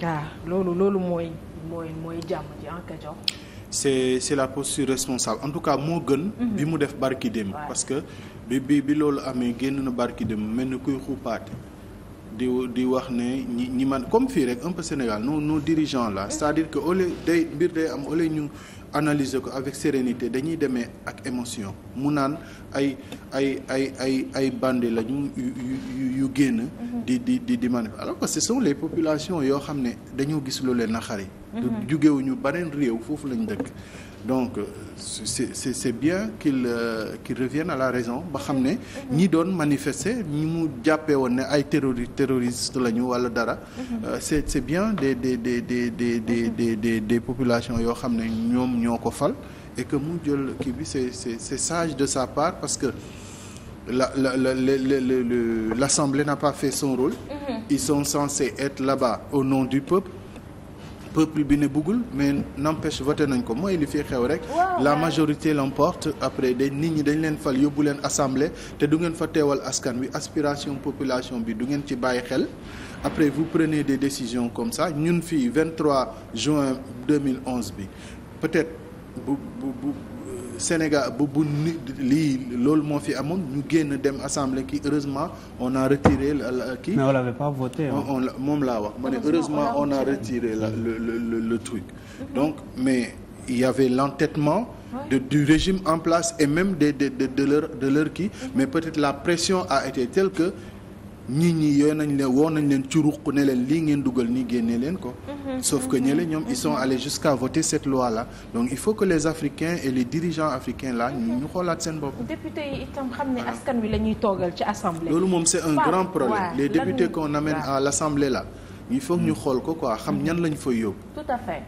waaw ah, loolu loolu mooy mooy mooy jàmm ji en Kajoor c'est c'est la posture responsable en tout cas moo gën. Mhm. bi mu def barki dem parce que bi bi bi loolu amee génn na barki dem mel ni kuy xuupaate di di wax ne ñi ñi man comme fii rek un peu Sénégal nos nos dirigeants là mhm. c'est-à-dire que au lieu day mbir day am au ñu analyser ko avec sérénité dañuy demee ak émotion mu naan ay ay ay ay ay bandi la ñu yu yu génn. Mhm. di di di di manif alors que ce sont les populations yoo xam ne dañoo gis lu leen naqari. Mm-hmm. jugewuñu beneen réew foofu lañu dëkk. donc euh, c'est c'est c'est bien qu'il euh, qu'il revienne à la raison ba xam ne mm-hmm. ñi doon manifester ñi mu jàppee woon ne ay terrori terroriste lañu wala dara. Mm-hmm. Euh, c'est c'est bien des des des des des des des des, populations yoo xam ne ñoom ñoo ko fal et que mu jël kii bi c'est c'est c'est sage de sa part parce que. la la la le l'Assemblée n'a pas fait son rôle. Mm-hmm. ils sont censés être là-bas au nom du peuple. peuple bi ne bëggul mais n'empêche voté nañ ko mooy li fi xew rek la majorité l'emporte après dañ nit ñi dañ leen fal yóbbu leen assemblée te du ngeen fa teewal askan wi aspiration population bi du ngeen ci bàyyi xel après vous prenez des décisions comme ça ñun fii 23 juin 2011 bi peut-être bu bu bu Sénégal bu bu lii loolu moo fi amoon ñu génn dem assemblée ki heureusement on a retiré la kii. mais on l'avait pas voté. on moom laa wax ma ne heureusement on a retiré la le le le truc mm-hmm. donc mais il y avait l'entêtement de du régime en place et même de de de leur kii mm-hmm. mais peut-être la pression a été telle que. nit ñi yooyu nañ leen woo nañ leen ci ruq ne leen lii ngeen dugal nii génnee leen ko mhm. sauf que ñële ñoom ils sont mhm. allés jusqu'à voter cette loi là donc il faut que les Africains et les dirigeants africains là ñu ñu xoolaat seen bopp. député yi itam xam ne askan wi la ñuy ci assemblée. loolu moom c'est un grand problème les députés qu'on amène à l'assemblée la il faut ñu mhm. xool ko quoi xam ñan lañu fay yóbbu.